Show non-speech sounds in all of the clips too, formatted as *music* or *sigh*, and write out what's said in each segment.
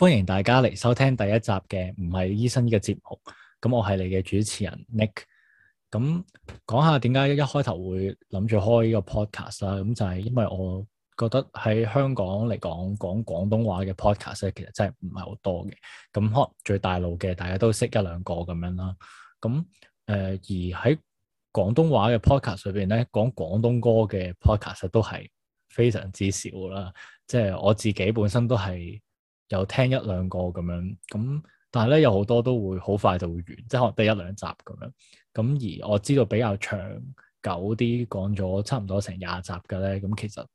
歡迎大家嚟收聽第一集嘅唔係醫生嘅節目。咁我係你嘅主持人 Nick。咁講下點解一開頭會諗住開呢個 podcast 啦？咁就係因為我覺得喺香港嚟講講廣東話嘅 podcast 其實真係唔係好多嘅。咁開最大路嘅，大家都識一兩個咁樣啦。咁誒、呃、而喺廣東話嘅 podcast 裏邊咧，講廣東歌嘅 podcast 都係非常之少啦。即係我自己本身都係。有聽一兩個咁樣，咁但係咧有好多都會好快就會完，即係得一兩集咁樣。咁而我知道比較長久啲，講咗差唔多成廿集嘅咧，咁其實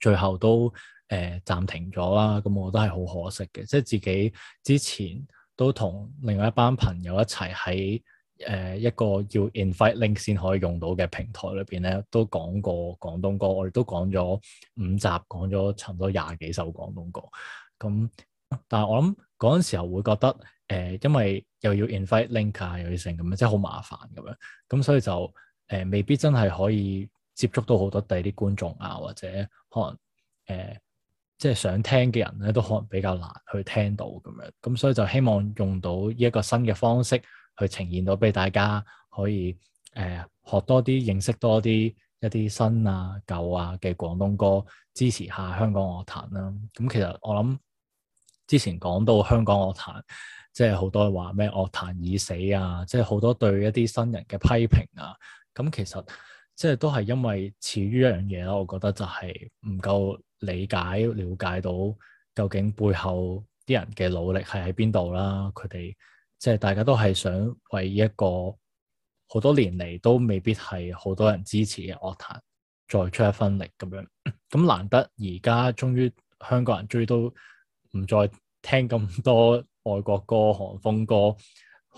最後都誒、呃、暫停咗啦。咁我覺得係好可惜嘅，即係自己之前都同另外一班朋友一齊喺誒一個要 invite link 先可以用到嘅平台裏邊咧，都講過廣東歌，我哋都講咗五集，講咗差唔多廿幾首廣東歌。咁，但係我諗嗰陣時候會覺得，誒、呃，因為又要 invite link 啊，又要成咁樣，即係好麻煩咁樣，咁所以就誒、呃，未必真係可以接觸到好多第啲觀眾啊，或者可能誒、呃，即係想聽嘅人咧，都可能比較難去聽到咁樣，咁所以就希望用到呢一個新嘅方式去呈現到俾大家，可以誒、呃，學多啲，認識多啲。一啲新啊、舊啊嘅廣東歌支持下香港樂壇啦、啊。咁其實我諗之前講到香港樂壇，即係好多話咩樂壇已死啊，即係好多對一啲新人嘅批評啊。咁其實即係都係因為始於一樣嘢啦。我覺得就係唔夠理解、了解到究竟背後啲人嘅努力係喺邊度啦。佢哋即係大家都係想為一個好多年嚟都未必係好多人支持嘅樂壇，再出一分力咁樣。咁難得而家終於香港人終於都唔再聽咁多外國歌、韓風歌，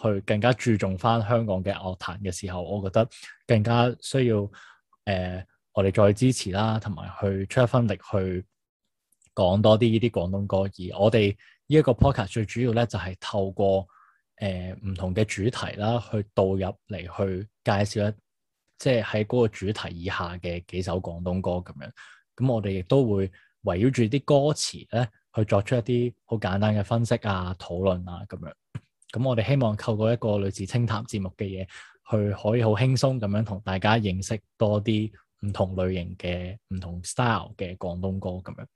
去更加注重翻香港嘅樂壇嘅時候，我覺得更加需要誒、呃、我哋再支持啦，同埋去出一分力去講多啲呢啲廣東歌。而我哋呢一個 podcast 最主要咧就係透過。誒，唔同嘅主題啦，去導入嚟去介紹一，即係喺嗰個主題以下嘅幾首廣東歌咁樣。咁我哋亦都會圍繞住啲歌詞咧，去作出一啲好簡單嘅分析啊、討論啊咁樣。咁我哋希望透過一個類似清談節目嘅嘢，去可以好輕鬆咁樣同大家認識多啲唔同類型嘅唔同 style 嘅廣東歌咁樣。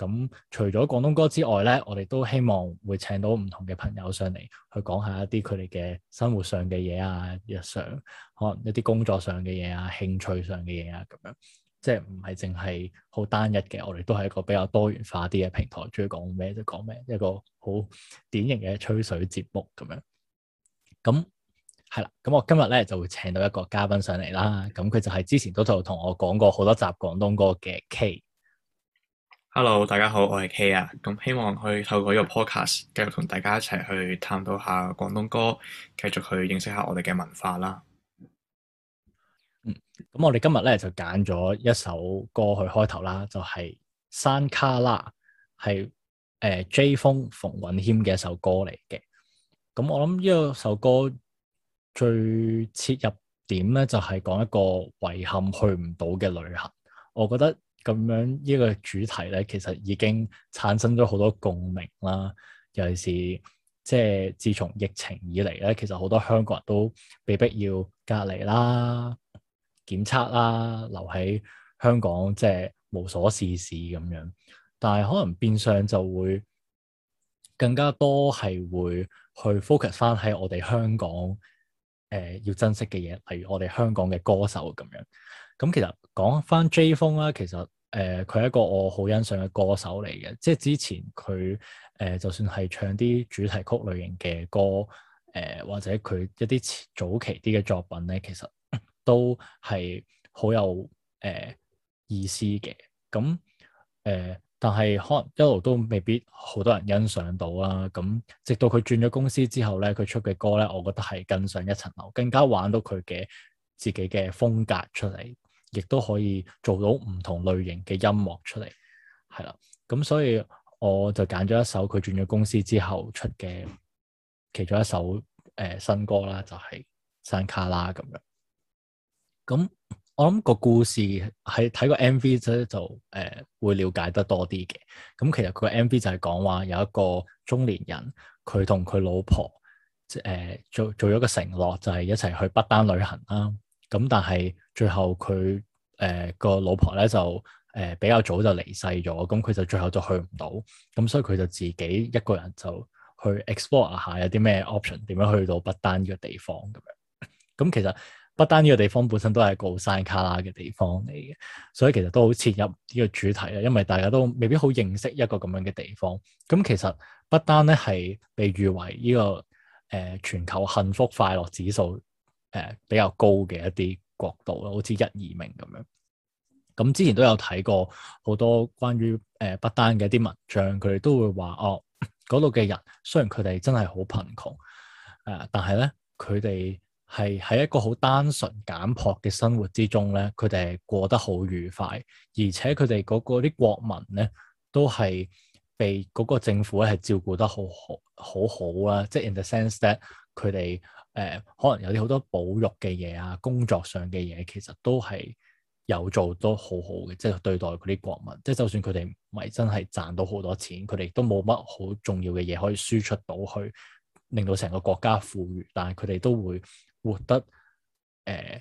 咁除咗廣東歌之外咧，我哋都希望會請到唔同嘅朋友上嚟去講下一啲佢哋嘅生活上嘅嘢啊，日常可能一啲工作上嘅嘢啊，興趣上嘅嘢啊，咁樣即係唔係淨係好單一嘅，我哋都係一個比較多元化啲嘅平台，中意講咩即講咩，一個好典型嘅吹水節目咁樣。咁係啦，咁我今日咧就會請到一個嘉賓上嚟啦。咁佢就係之前都就同我講過好多集廣東歌嘅 K。Hello，大家好，我係 K 啊，咁希望可以透過呢個 podcast 繼續同大家一齊去探討下廣東歌，繼續去認識下我哋嘅文化啦。咁、嗯、我哋今日咧就揀咗一首歌去開頭啦，就係、是《山卡拉》，係誒 Jay Fung 馮允謙嘅一首歌嚟嘅。咁我諗呢個首歌最切入點咧，就係、是、講一個遺憾去唔到嘅旅行，我覺得。咁樣呢、呢個主題咧，其實已經產生咗好多共鳴啦。尤其是即係自從疫情以嚟咧，其實好多香港人都被逼要隔離啦、檢測啦、留喺香港，即係無所事事咁樣。但係可能變相就會更加多係會去 focus 翻喺我哋香港誒、呃、要珍惜嘅嘢，例如我哋香港嘅歌手咁樣。咁其實講翻 Jay Fung 啦，其實誒佢、呃、係一個我好欣賞嘅歌手嚟嘅，即係之前佢誒、呃、就算係唱啲主題曲類型嘅歌，誒、呃、或者佢一啲早期啲嘅作品咧，其實都係好有誒、呃、意思嘅。咁誒、呃，但係可能一路都未必好多人欣賞到啦。咁直到佢轉咗公司之後咧，佢出嘅歌咧，我覺得係更上一層樓，更加玩到佢嘅自己嘅風格出嚟。亦都可以做到唔同類型嘅音樂出嚟，係啦，咁所以我就揀咗一首佢轉咗公司之後出嘅其中一首誒、呃、新歌啦，就係、是《山卡拉》咁樣。咁我諗個故事喺睇個 M V 咧，就誒、呃、會了解得多啲嘅。咁其實佢個 M V 就係講話有一個中年人，佢同佢老婆即誒、呃、做做咗個承諾，就係、是、一齊去不丹旅行啦。咁但係最後佢誒個老婆咧就誒、呃、比較早就離世咗，咁佢就最後就去唔到，咁所以佢就自己一個人就去 explore 下有啲咩 option 點樣去到不丹呢個地方咁樣。咁、嗯、其實不丹呢個地方本身都係個山卡拉嘅地方嚟嘅，所以其實都好切入呢個主題啦，因為大家都未必好認識一個咁樣嘅地方。咁、嗯、其實不丹咧係被譽為呢、呢個誒、呃、全球幸福快樂指數。誒，比較高嘅一啲國度咯，好似一二名咁樣。咁之前都有睇過好多關於誒不丹嘅一啲文章，佢哋都會話哦，嗰度嘅人雖然佢哋真係好貧窮，誒、呃，但係咧佢哋係喺一個好單純簡樸嘅生活之中咧，佢哋係過得好愉快，而且佢哋嗰個啲國民咧都係被嗰個政府係照顧得好好好好好啦，即係 in the sense that 佢哋。誒、呃，可能有啲好多保育嘅嘢啊，工作上嘅嘢，其實都係有做，都好好嘅，即係對待嗰啲國民，即係就算佢哋唔係真係賺到好多錢，佢哋都冇乜好重要嘅嘢可以輸出到去，令到成個國家富裕，但係佢哋都會活得誒，喺、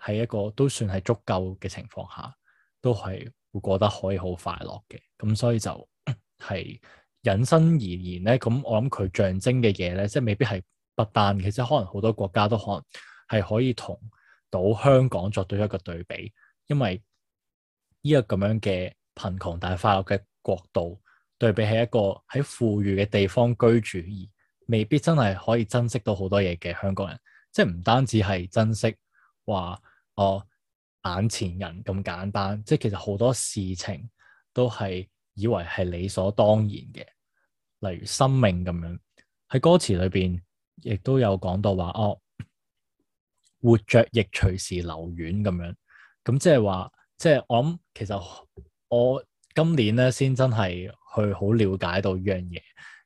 呃、一個都算係足夠嘅情況下，都係會過得可以好快樂嘅，咁所以就係引申而言咧，咁我諗佢象徵嘅嘢咧，即係未必係。不但其實可能好多國家都可能係可以同到香港作對一個對比，因為呢個咁樣嘅貧窮但係快樂嘅國度對比，係一個喺富裕嘅地方居住而未必真係可以珍惜到好多嘢嘅香港人，即係唔單止係珍惜話我、哦、眼前人咁簡單，即係其實好多事情都係以為係理所當然嘅，例如生命咁樣喺歌詞裏邊。亦都有講到話哦，活着亦隨時留院咁樣，咁即係話，即係我諗，其實我今年咧先真係去好了解到呢樣嘢，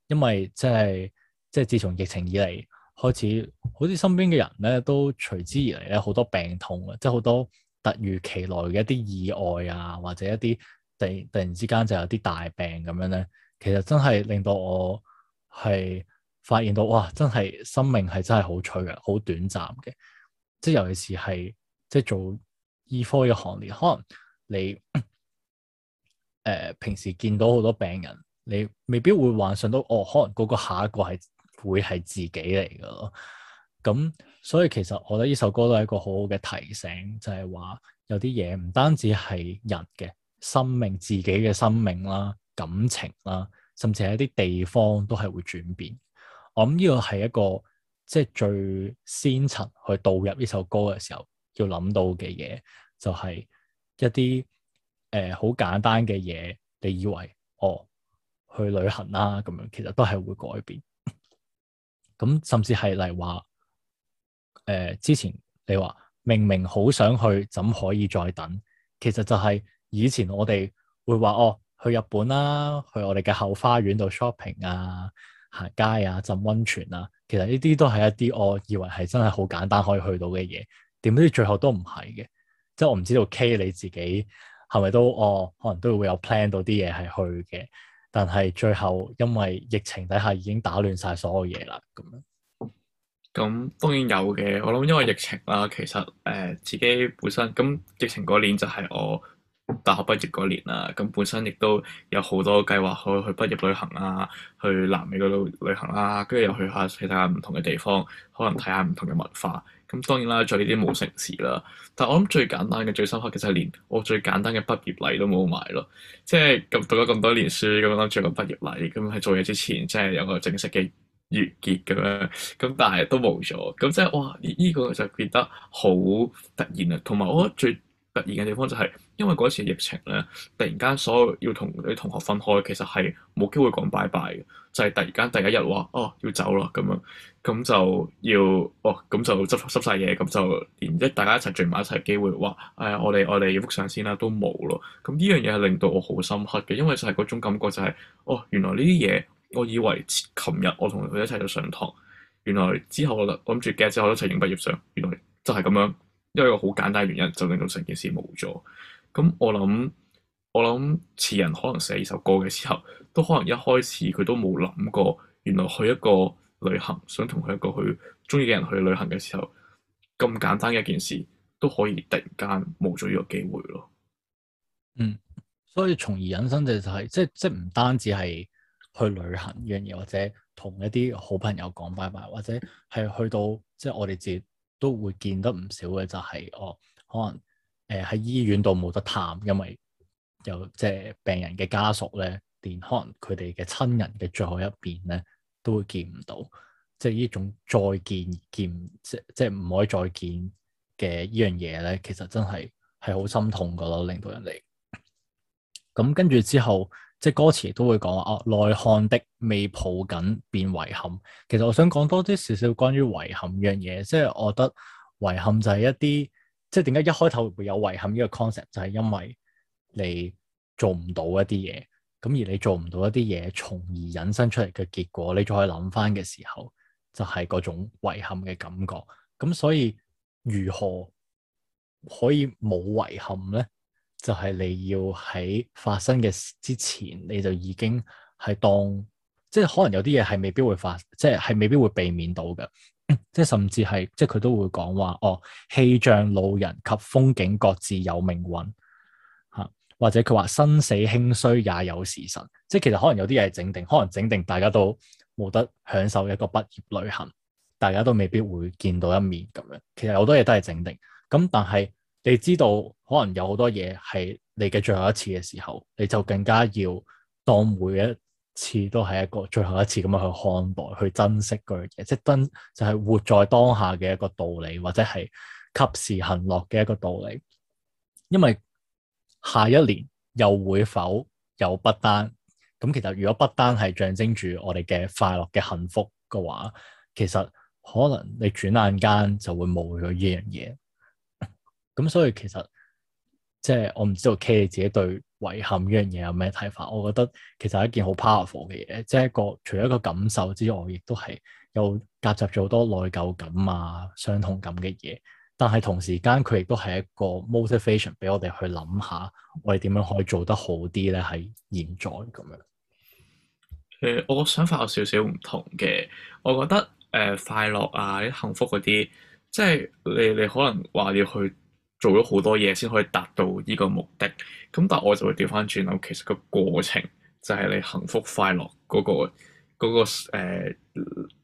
因為即係即係自從疫情以嚟開始，好似身邊嘅人咧都隨之而嚟咧好多病痛啊，即係好多突如其來嘅一啲意外啊，或者一啲突突然之間就有啲大病咁樣咧，其實真係令到我係。發現到哇，真係生命係真係好脆弱嘅，好短暫嘅。即係尤其是係即係做醫科嘅行列，可能你誒、呃、平時見到好多病人，你未必會幻想到哦，可能嗰個下一個係會係自己嚟嘅咯。咁所以其實我覺得呢首歌都係一個好好嘅提醒，就係、是、話有啲嘢唔單止係人嘅生命，自己嘅生命啦、感情啦，甚至係一啲地方都係會轉變。咁呢個係一個即係最先層去導入呢首歌嘅時候要諗到嘅嘢，就係、是、一啲誒好簡單嘅嘢。你以為哦，去旅行啦，咁樣其實都係會改變。咁、嗯、甚至係例如話，誒、呃、之前你話明明好想去，怎可以再等？其實就係以前我哋會話哦，去日本啦、啊，去我哋嘅後花園度 shopping 啊。行街啊，浸溫泉啦、啊，其實呢啲都係一啲我以為係真係好簡單可以去到嘅嘢，點知最後都唔係嘅，即係我唔知道 K 你自己係咪都哦，可能都會有 plan 到啲嘢係去嘅，但係最後因為疫情底下已經打亂晒所有嘢啦咁。咁當然有嘅，我諗因為疫情啦，其實誒、呃、自己本身咁疫情嗰年就係我。大學畢業嗰年啊，咁本身亦都有好多計劃，可以去畢業旅行啊，去南美嗰度旅行啦，跟住又去下其他唔同嘅地方，可能睇下唔同嘅文化。咁當然啦，做呢啲冇城市啦，但係我諗最簡單嘅、最深刻嘅，其實係連我最簡單嘅畢業禮都冇埋咯。即係咁讀咗咁多年書，咁諗住個畢業禮，咁喺做嘢之前，即係有個正式嘅結業咁樣，咁但係都冇咗。咁即係哇，呢、呢個就變得好突然啊！同埋我覺得最突然嘅地方就係、是，因為嗰次疫情咧，突然間所有要同女同學分開，其實係冇機會講拜拜嘅，就係、是、突然間第一日話哦要走啦咁樣，咁就要哦咁就執執晒嘢，咁就連一大家一齊聚埋一齊機會話誒、哎、我哋我哋要覆相先啦，都冇咯。咁呢樣嘢係令到我好深刻嘅，因為就係嗰種感覺就係、是、哦原來呢啲嘢我以為琴日我同佢一齊就上堂，原來之後我諗住幾日之後一齊影畢業相，原來就係咁樣。因為個好簡單原因，就令到成件事冇咗。咁我諗，我諗詞人可能寫呢首歌嘅時候，都可能一開始佢都冇諗過，原來去一個旅行，想同佢一個去中意嘅人去旅行嘅時候，咁簡單嘅一件事都可以突然間冇咗呢個機會咯。嗯，所以從而引申嘅就係、係，即係即係唔單止係去旅行呢樣嘢，或者同一啲好朋友講拜拜，或者係去到即係、就係、我哋自。都會見得唔少嘅，就係、是、哦，可能誒喺、呃、醫院度冇得探，因為有即係病人嘅家屬咧，連可能佢哋嘅親人嘅最後一面咧，都會見唔到，即係呢種再見而見，即即係唔可以再見嘅呢樣嘢咧，其實真係係好心痛噶咯，令到人哋。咁跟住之後。即係歌詞都會講啊，內看的未抱緊變遺憾。其實我想講多啲少少關於遺憾樣嘢，即係我覺得遺憾就係一啲，即係點解一開頭會有遺憾呢個 concept，就係因為你做唔到一啲嘢，咁而你做唔到一啲嘢，從而引申出嚟嘅結果，你再去諗返嘅時候，就係嗰種遺憾嘅感覺。咁所以如何可以冇遺憾咧？就係你要喺發生嘅之前，你就已經係當，即係可能有啲嘢係未必會發，即係係未必會避免到嘅，即係甚至係，即係佢都會講話哦，氣象、路人及風景各自有命運，吓或者佢話生死興衰也有時辰，即係其實可能有啲嘢係整定，可能整定大家都冇得享受一個畢業旅行，大家都未必會見到一面咁樣，其實好多嘢都係整定，咁但係，你知道可能有好多嘢係你嘅最後一次嘅時候，你就更加要當每一次都係一個最後一次咁樣去看待、去珍惜嗰樣嘢，即係真就係活在當下嘅一個道理，或者係及時行樂嘅一個道理。因為下一年又會否有不丹咁？其實如果不丹係象徵住我哋嘅快樂嘅幸福嘅話，其實可能你轉眼間就會冇咗呢樣嘢。咁、嗯、所以其實即係我唔知道 K 你自己對遺憾呢樣嘢有咩睇法？我覺得其實係一件好 powerful 嘅嘢，即係一個除咗一個感受之外，亦都係有夾雜咗好多內疚感啊、傷痛感嘅嘢。但係同時間佢亦都係一個 motivation 俾我哋去諗下，我哋點樣可以做得好啲咧？喺現在咁樣誒、呃，我個想法有少少唔同嘅。我覺得誒、呃、快樂啊、幸福嗰啲，即係你你可能話要去。做咗好多嘢先可以達到呢個目的，咁但係我就會調翻轉諗，其實個過程就係你幸福快樂嗰、嗰個嗰、嗰個 uh,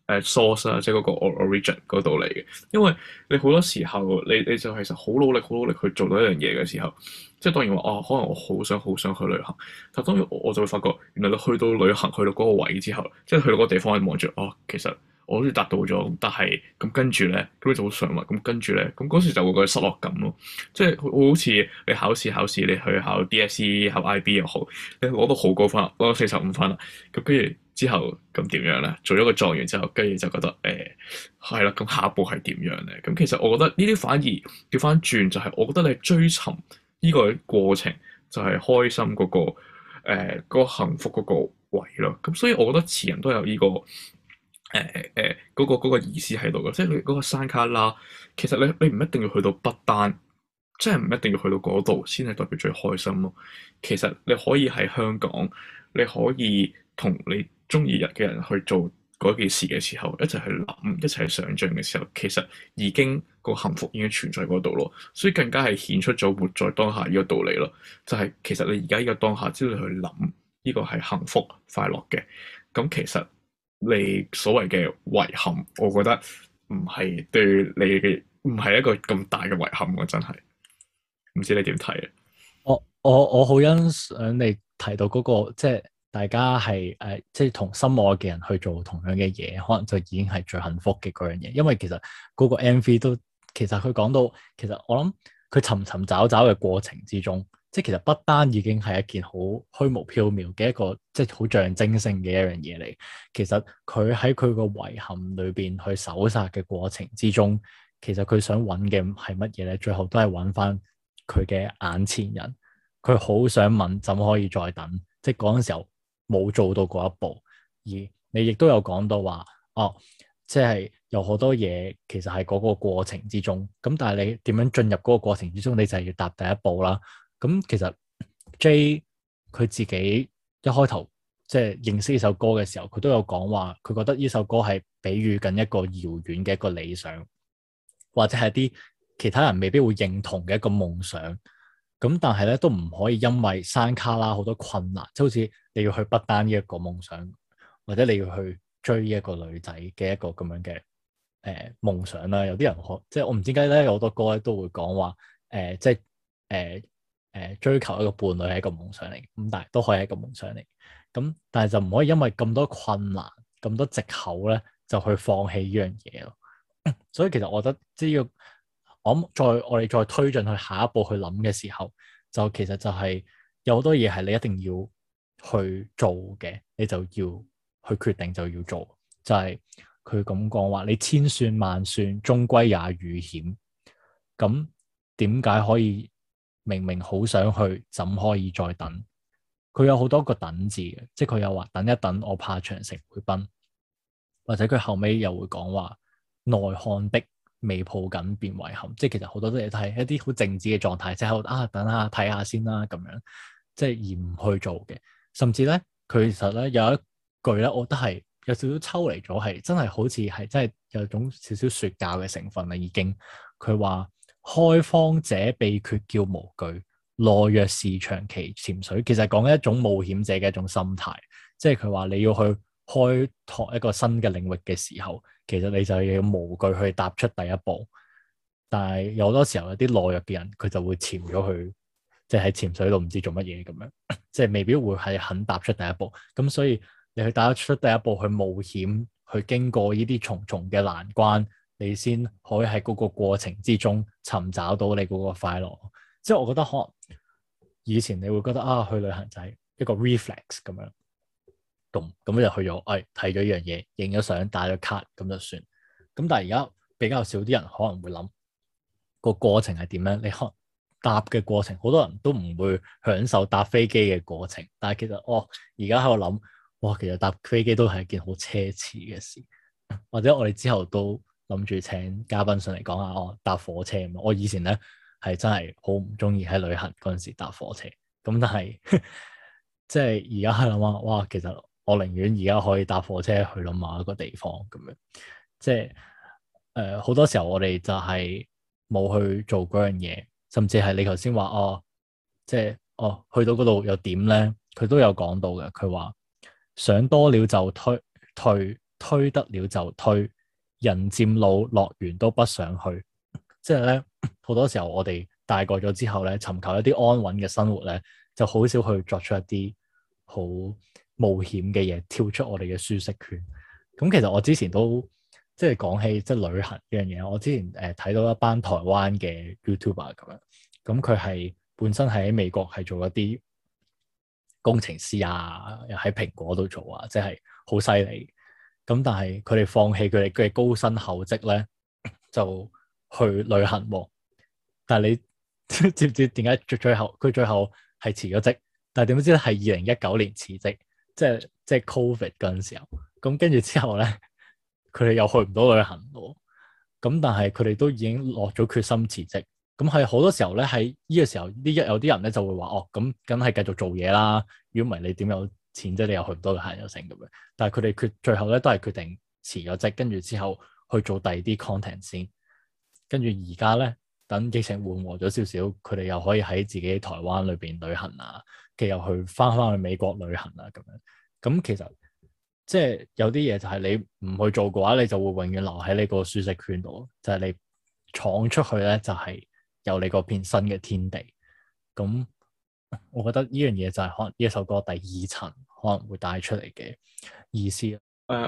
uh, source 啊，即係嗰個 origin 度嚟嘅。因為你好多時候你你就其實好努力好努力去做到一樣嘢嘅時候，即係當然話啊、哦，可能我好想好想去旅行，但係當然我就會發覺，原來你去到旅行去到嗰個位之後，即係去到嗰個地方你望住哦，其實。我好似達到咗，但係咁跟住咧，咁樣就好上癮。咁跟住咧，咁嗰時就會覺得失落感咯，即係好似你考試考試，你去考 DSE 考 IB 又好，你攞到好高分，攞到四十五分啦。咁跟住之後咁點樣咧？做咗個狀元之後，跟住就覺得誒係啦。咁、呃、下一步係點樣咧？咁其實我覺得呢啲反而調翻轉，就係我覺得你追尋呢個過程就係、是、開心嗰、那個誒、呃那個、幸福嗰個位咯。咁所以我覺得詞人都有呢、這個。誒誒誒，嗰、呃呃嗰個、嗰個意思喺度嘅，即係佢嗰個山卡啦。其實你你唔一定要去到不丹，即係唔一定要去到嗰度，先係代表最開心咯。其實你可以喺香港，你可以同你中意日嘅人去做嗰件事嘅時候，一齊去諗，一齊去想象嘅時候，其實已經、嗰個幸福已經存在嗰度咯。所以更加係顯出咗活在當下呢個道理咯。就係、是、其實你而家呢個當下，只要你去諗呢個係幸福快樂嘅，咁其實。你所謂嘅遺憾，我覺得唔係對你嘅，唔係一個咁大嘅遺憾，我真係唔知你點睇啊！我我我好欣賞你提到嗰個，即係大家係誒，即係同心愛嘅人去做同樣嘅嘢，可能就已經係最幸福嘅嗰樣嘢。因為其實嗰個 MV 都，其實佢講到，其實我諗佢尋尋找找嘅過程之中。即其實不單已經係一件好虛無縹緲嘅一個，即係好象徵性嘅一樣嘢嚟。其實佢喺佢個遺憾裏邊去搜索嘅過程之中，其實佢想揾嘅係乜嘢咧？最後都係揾翻佢嘅眼前人。佢好想問，怎可以再等？即係嗰陣時候冇做到嗰一步。而你亦都有講到話，哦，即係有好多嘢其實係嗰個過程之中。咁但係你點樣進入嗰個過程之中？你就係要踏第一步啦。咁其實 J 佢自己一開頭即係認識呢首歌嘅時候，佢都有講話，佢覺得呢首歌係比喻緊一個遙遠嘅一個理想，或者係啲其他人未必會認同嘅一個夢想。咁但係咧都唔可以，因為山卡拉好多困難，即係好似你要去不單呢一個夢想，或者你要去追呢一個女仔嘅一個咁樣嘅誒夢想啦。有啲人即係我唔知點解咧，有好多歌咧都會講話誒，即係誒。就是呃誒追求一個伴侶係一個夢想嚟，咁但係都可以係一個夢想嚟。咁但係就唔可以因為咁多困難、咁多藉口咧，就去放棄呢樣嘢咯。所以其實我覺得，即要我再我哋再推進去下一步去諗嘅時候，就其實就係有好多嘢係你一定要去做嘅，你就要去決定就要做。就係佢咁講話，你千算萬算，終歸也遇險。咁點解可以？明明好想去，怎可以再等？佢有好多個等字嘅，即係佢又話等一等，我怕長城會崩，或者佢後尾又會講話耐看的未抱緊便遺憾。即係其實好多嘢睇，一啲好靜止嘅狀態，即係啊等下睇下先啦咁樣，即係而唔去做嘅。甚至咧，佢其實咧有一句咧，我覺得係有少少抽離咗，係真係好似係真係有種少少説教嘅成分啦。已經佢話。開荒者秘訣叫無懼，懦弱是長期潛水。其實講一種冒險者嘅一種心態，即係佢話你要去開拓一個新嘅領域嘅時候，其實你就要有無懼去踏出第一步。但係有好多時候有啲懦弱嘅人，佢就會潛咗去，即係喺潛水度唔知做乜嘢咁樣，即係未必會係肯踏出第一步。咁所以你去踏得出第一步去冒險，去經過呢啲重重嘅難關。你先可以喺嗰個過程之中尋找到你嗰個快樂，即係我覺得可能以前你會覺得啊去旅行就係一個 reflex 咁樣，咁咁就去咗，哎睇咗一樣嘢，影咗相，打咗卡咁就算。咁但係而家比較少啲人可能會諗個過程係點樣？你可能搭嘅過程，好多人都唔會享受搭飛機嘅過程。但係其實哦，而家喺度諗，哇、哦，其實搭飛機都係一件好奢侈嘅事，或者我哋之後都。諗住請嘉賓上嚟講下，我搭火車。我以前咧係真係好唔中意喺旅行嗰陣時搭火車，咁但係即係而家係諗下，哇，其實我寧願而家可以搭火車去到某一個地方咁樣。即係誒，好多時候我哋就係冇去做嗰樣嘢，甚至係你頭先話哦，即係哦，去到嗰度又點咧？佢都有講到嘅，佢話想多了就推推，推得了就推。人漸老，樂園都不想去。即係咧，好多時候我哋大個咗之後咧，尋求一啲安穩嘅生活咧，就好少去作出一啲好冒險嘅嘢，跳出我哋嘅舒適圈。咁、嗯、其實我之前都即係講起即係旅行呢樣嘢。我之前誒睇、呃、到一班台灣嘅 YouTuber 咁樣，咁佢係本身喺美國係做一啲工程師啊，又喺蘋果度做啊，即係好犀利。咁但係佢哋放棄佢哋嘅高薪厚職咧，就去旅行喎。但係你知唔知點解最最後佢最後係辭咗職？但係點知咧，係二零一九年辭職，即係即係 covid 嗰陣時候。咁跟住之後咧，佢哋又去唔到旅行咯。咁但係佢哋都已經落咗決心辭職。咁係好多時候咧，喺呢個時候呢一有啲人咧就會話，哦，咁梗係繼續做嘢啦。如果唔係，你點有？錢即係、就是、你又去唔到，嘅彈性咁樣，但係佢哋決最後咧都係決定辭咗職，跟住之後去做第二啲 content 先，跟住而家咧等疫情緩和咗少少，佢哋又可以喺自己台灣裏邊旅行啊，佢又去翻返去美國旅行啊咁樣，咁、嗯、其實即係、就是、有啲嘢就係你唔去做嘅話，你就會永遠留喺呢個舒適圈度，就係、是、你闖出去咧就係、是、有你嗰片新嘅天地，咁、嗯。我覺得呢樣嘢就係呢首歌第二層可能會帶出嚟嘅意思。誒，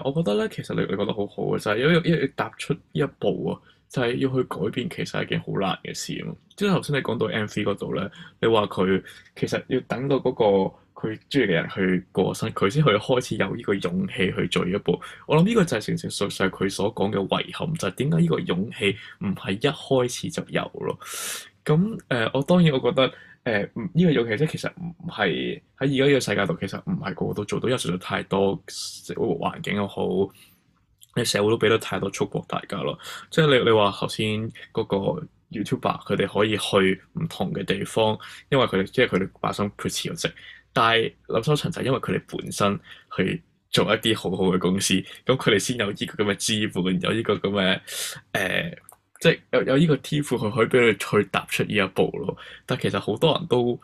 我覺得咧，其實你你覺得好好嘅，就係因為因為踏出呢一步啊，就係、是、要去改變，其實係一件好難嘅事。即係頭先你講到 MV 嗰度咧，你話佢其實要等到嗰個佢中意嘅人去過身，佢先可以開始有呢個勇氣去做呢一步。我諗呢個就係成成熟熟佢所講嘅遺憾，就係點解呢個勇氣唔係一開始就有咯。咁誒、呃，我當然我覺得。誒，嗯，依個做其實其實唔係喺而家呢個世界度，其實唔係個個都做到，因為實在太多社會環境又好，你社會都俾得太多束縛大家咯。即係你你話頭先嗰個 YouTuber 佢哋可以去唔同嘅地方，因為佢哋即係佢哋把心辭咗職。但係林心晴就係因為佢哋本身去做一啲好好嘅公司，咁佢哋先有呢個咁嘅資本，有呢個咁嘅誒。呃即係有有呢個天賦，佢可以俾你去踏出呢一步咯。但其實好多人都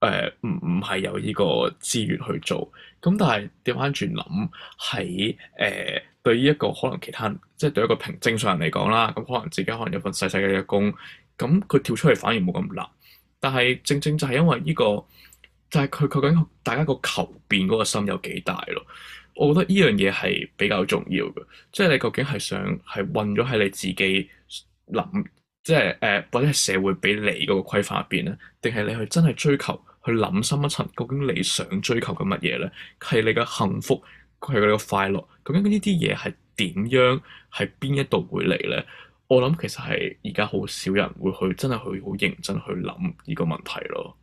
誒唔唔係有呢個資源去做。咁但係掉返轉諗喺誒對於一個可能其他即係對一個平正常人嚟講啦，咁可能自己可能有份細細嘅工，咁佢跳出嚟反而冇咁難。但係正正就係因為呢、這個，就係、是、佢究竟大家個求變嗰個心有幾大咯？我覺得呢樣嘢係比較重要嘅，即係你究竟係想係困咗喺你自己諗，即係誒、呃，或者係社會俾你嗰個規範入邊咧，定係你去真係追求去諗深一層，究竟你想追求嘅乜嘢咧？係你嘅幸福，係你嘅快樂，究竟呢啲嘢係點樣？係邊一度會嚟咧？我諗其實係而家好少人會去真係去好認真去諗呢個問題咯。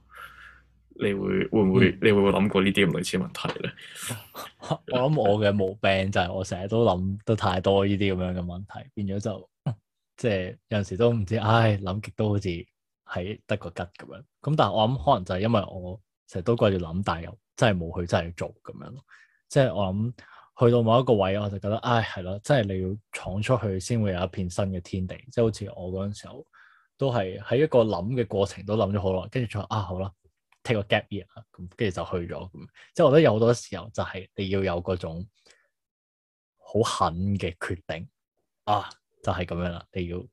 你會會唔會？嗯、你會唔會諗過呢啲類似問題咧？ *laughs* 我諗我嘅毛病就係我成日都諗得太多呢啲咁樣嘅問題，變咗就即係有陣時都唔知，唉，諗極都好似係得個吉咁樣。咁但係我諗可能就係因為我成日都掛住諗，但係又真係冇去真係做咁樣咯。即係我諗去到某一個位，我就覺得唉，係咯，即係你要闖出去先會有一片新嘅天地。即係好似我嗰陣時候都係喺一個諗嘅過程都諗咗好耐，跟住再啊好啦。take 個 gap year 啦，咁跟住就去咗，咁即係我覺得有好多時候就係你要有嗰種好狠嘅決定啊，就係、是、咁樣啦，你要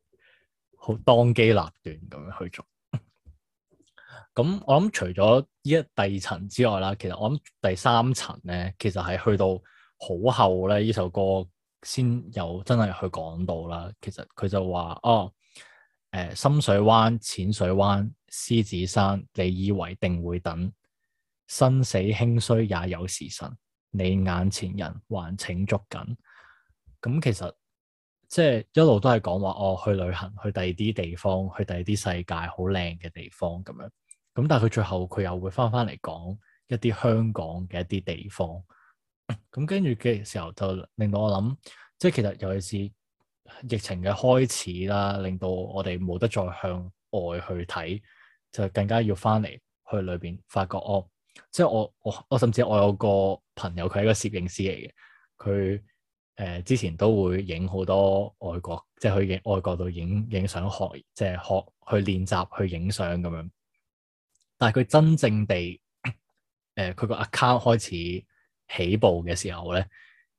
好當機立斷咁樣去做。咁我諗除咗呢一第二層之外啦，其實我諗第三層咧，其實係去到好後咧，呢首歌先有真係去講到啦。其實佢就話哦。誒，深水灣、淺水灣、獅子山，你以為定會等？生死興衰也有時辰，你眼前人還請捉緊。咁其實即係、就是、一路都係講話，我、哦、去旅行，去第二啲地方，去第二啲世界，好靚嘅地方咁樣。咁但係佢最後佢又會返返嚟講一啲香港嘅一啲地方。咁跟住嘅時候就令到我諗，即、就、係、是、其實尤其是。疫情嘅開始啦，令到我哋冇得再向外去睇，就更加要翻嚟去裏邊發覺哦。即係我我我甚至我有個朋友，佢係個攝影師嚟嘅，佢誒、呃、之前都會影好多外國，即係去外國度影影相學，即係學去練習去影相咁樣。但係佢真正地誒佢個 account 開始起步嘅時候咧。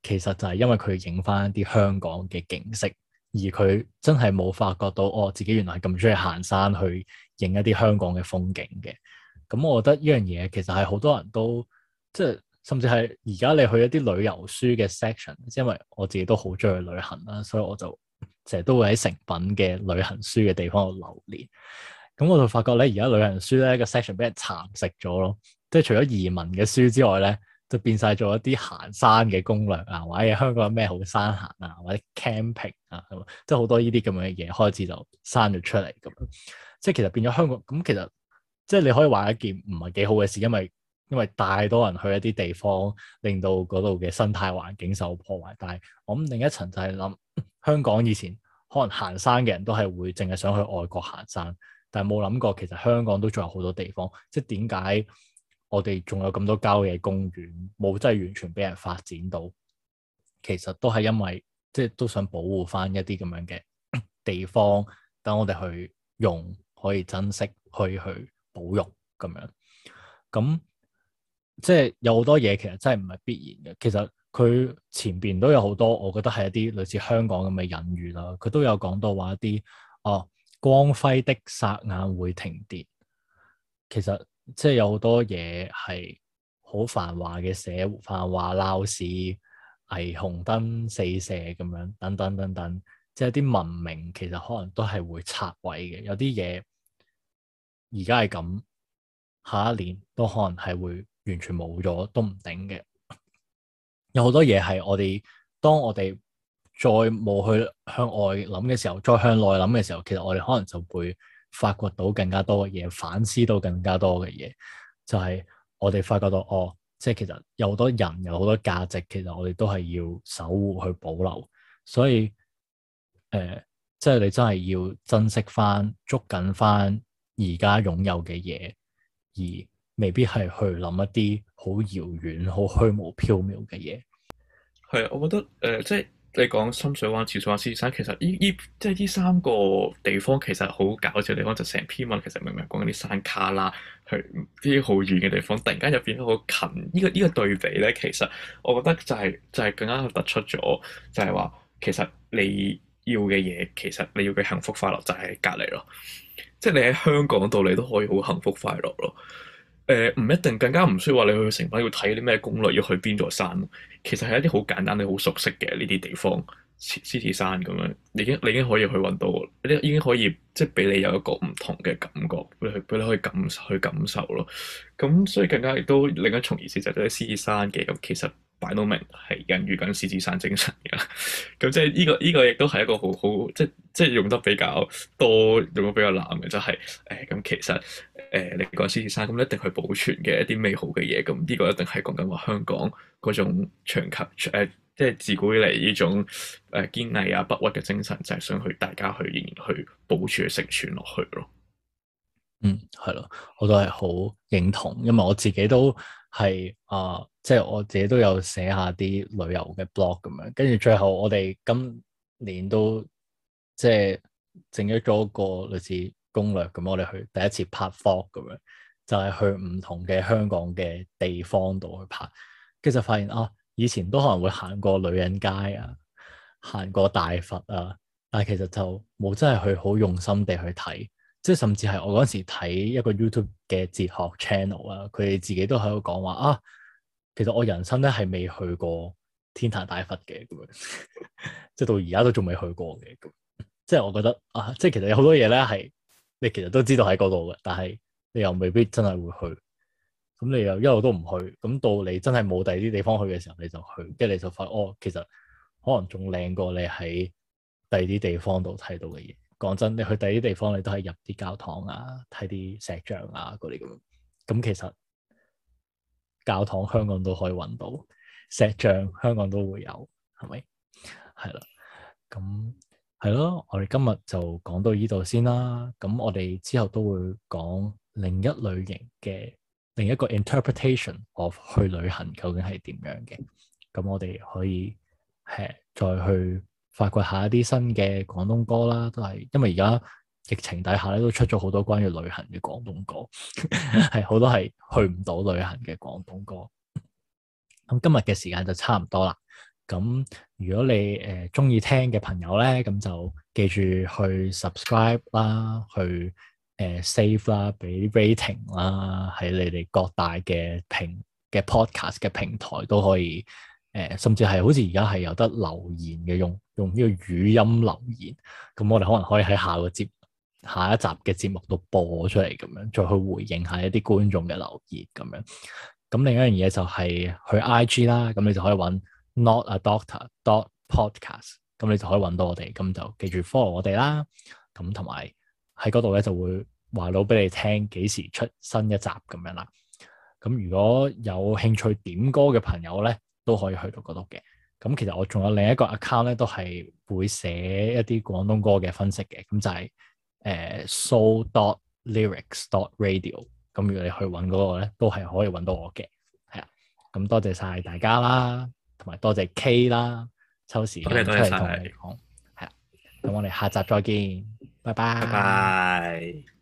其實就係因為佢影返一啲香港嘅景色，而佢真係冇發覺到，我、哦、自己原來咁中意行山去影一啲香港嘅風景嘅。咁、嗯、我覺得呢樣嘢其實係好多人都即係，甚至係而家你去一啲旅遊書嘅 section，因為我自己都好中意去旅行啦，所以我就成日都會喺成品嘅旅行書嘅地方度留念。咁、嗯、我就發覺咧，而家旅行書咧、這個 section 俾人蠶食咗咯，即係除咗移民嘅書之外咧。就變晒做一啲行山嘅攻略啊，或者香港有咩好山行啊，或者 camping 啊，咁即係好多呢啲咁嘅嘢開始就生咗出嚟咁樣。即係其實變咗香港咁，其實即係你可以話一件唔係幾好嘅事，因為因為帶多人去一啲地方，令到嗰度嘅生態環境受破壞。但係我諗另一層就係諗香港以前可能行山嘅人都係會淨係想去外國行山，但係冇諗過其實香港都仲有好多地方。即係點解？我哋仲有咁多郊野公園，冇真係完全俾人發展到，其實都係因為即係、就是、都想保護翻一啲咁樣嘅地方，等我哋去用，可以珍惜，可以去保育咁樣。咁即係有好多嘢，其實真係唔係必然嘅。其實佢前邊都有好多，我覺得係一啲類似香港咁嘅隱喻啦。佢都有講到話一啲哦，光輝的剎眼會停電，其實。即係有好多嘢係好繁華嘅社會，繁華鬧市，霓虹燈四射咁樣，等等等等，即係啲文明其實可能都係會拆毀嘅。有啲嘢而家係咁，下一年都可能係會完全冇咗，都唔定嘅。有好多嘢係我哋，當我哋再冇去向外諗嘅時候，再向內諗嘅時候，其實我哋可能就會，發掘到更加多嘅嘢，反思到更加多嘅嘢，就係我哋發覺到，哦，即係其實有好多人，有好多價值，其實我哋都係要守護去保留。所以，誒、呃，即係你真係要珍惜翻，捉緊翻而家擁有嘅嘢，而未必係去諗一啲好遙遠、好虛無縹緲嘅嘢。係啊，我覺得，誒、呃，即係。你講深水灣、淺水灣、獅子山，其實呢呢即係呢三個地方，其實好搞笑嘅地方就成篇文其實明明講緊啲山卡啦，去啲好遠嘅地方，突然間又變得好近。呢、這個呢、這個對比咧，其實我覺得就係、是、就係、是、更加突出咗，就係話其實你要嘅嘢，其實你要嘅幸福快樂就喺隔離咯，即係你喺香港度你都可以好幸福快樂咯。誒唔、呃、一定，更加唔需要話你去成班要睇啲咩攻略，要去邊座山。其實係一啲好簡單、好熟悉嘅呢啲地方，獅子山咁樣，你已經你已經可以去揾到，你已經可以即係俾你有一個唔同嘅感覺，俾你去，俾你可以感受去感受咯。咁所以更加亦都另一重意思。就係、是，獅子山嘅咁其實擺到明係隱喻緊獅子山精神嘅。咁 *laughs* 即係呢、呢個呢、呢個亦都係一個好好即係即係用得比較多、用得比較難嘅，就係誒咁其實。誒，你講獅子山咁，一定去保存嘅一啲美好嘅嘢，咁呢個一定係講緊話香港嗰種長期呃，即係自古以嚟呢種誒堅毅啊不屈嘅精神，就係、是、想去大家去仍然去保存、承傳落去咯。嗯，係咯，我都係好認同，因為我自己都係啊，即係我自己都有寫下啲旅遊嘅 blog 咁樣，跟住最後我哋今年都即係整咗一個類似。攻略咁，我哋去第一次拍 vlog 咁樣，就係去唔同嘅香港嘅地方度去拍，其實發現啊，以前都可能會行過女人街啊，行過大佛啊，但係其實就冇真係去好用心地去睇，即係甚至係我嗰時睇一個 YouTube 嘅哲學 channel 啊，佢哋自己都喺度講話啊，其實我人生咧係未去過天壇大佛嘅咁樣，即係到而家都仲未去過嘅，即係我覺得啊，即係其實有好多嘢咧係。你其實都知道喺嗰度嘅，但係你又未必真係會去。咁你又一路都唔去，咁到你真係冇第二啲地方去嘅時候，你就去，跟住你就發現，哦，其實可能仲靚過你喺第二啲地方度睇到嘅嘢。講真，你去第二啲地方，你都係入啲教堂啊，睇啲石像啊，嗰啲咁樣。咁其實教堂香港都可以揾到，石像香港都會有，係咪？係啦，咁。係咯，我哋今日就講到呢度先啦。咁我哋之後都會講另一類型嘅、另一個 interpretation of 去旅行究竟係點樣嘅。咁我哋可以誒再去發掘下一啲新嘅廣東歌啦。都係因為而家疫情底下咧，都出咗好多關於旅行嘅廣東歌，係 *laughs* 好多係去唔到旅行嘅廣東歌。咁今日嘅時間就差唔多啦。咁如果你誒中意聽嘅朋友咧，咁就記住去 subscribe 啦，去誒 save 啦，俾 rating 啦，喺你哋各大嘅平嘅 podcast 嘅平台都可以誒、呃，甚至係好似而家係有得留言嘅，用用呢個語音留言，咁我哋可能可以喺下個節下一集嘅節目度播出嚟咁樣，再去回應一下一啲觀眾嘅留言咁樣。咁另一樣嘢就係去 IG 啦，咁你就可以揾 Not a doctor dot podcast，咁你就可以揾到我哋，咁就記住 follow 我哋啦。咁同埋喺嗰度咧就會話到俾你聽幾時出新一集咁樣啦。咁如果有興趣點歌嘅朋友咧，都可以去到嗰度嘅。咁其實我仲有另一個 account 咧，都係會寫一啲廣東歌嘅分析嘅。咁就係誒 so dot lyrics dot radio。咁、呃、rad 如果你去揾嗰個咧，都係可以揾到我嘅。係啊，咁多謝晒大家啦～同埋多謝 K 啦，抽時間出嚟同你哋講，係啦，咁對我哋下集再見，拜拜。拜拜。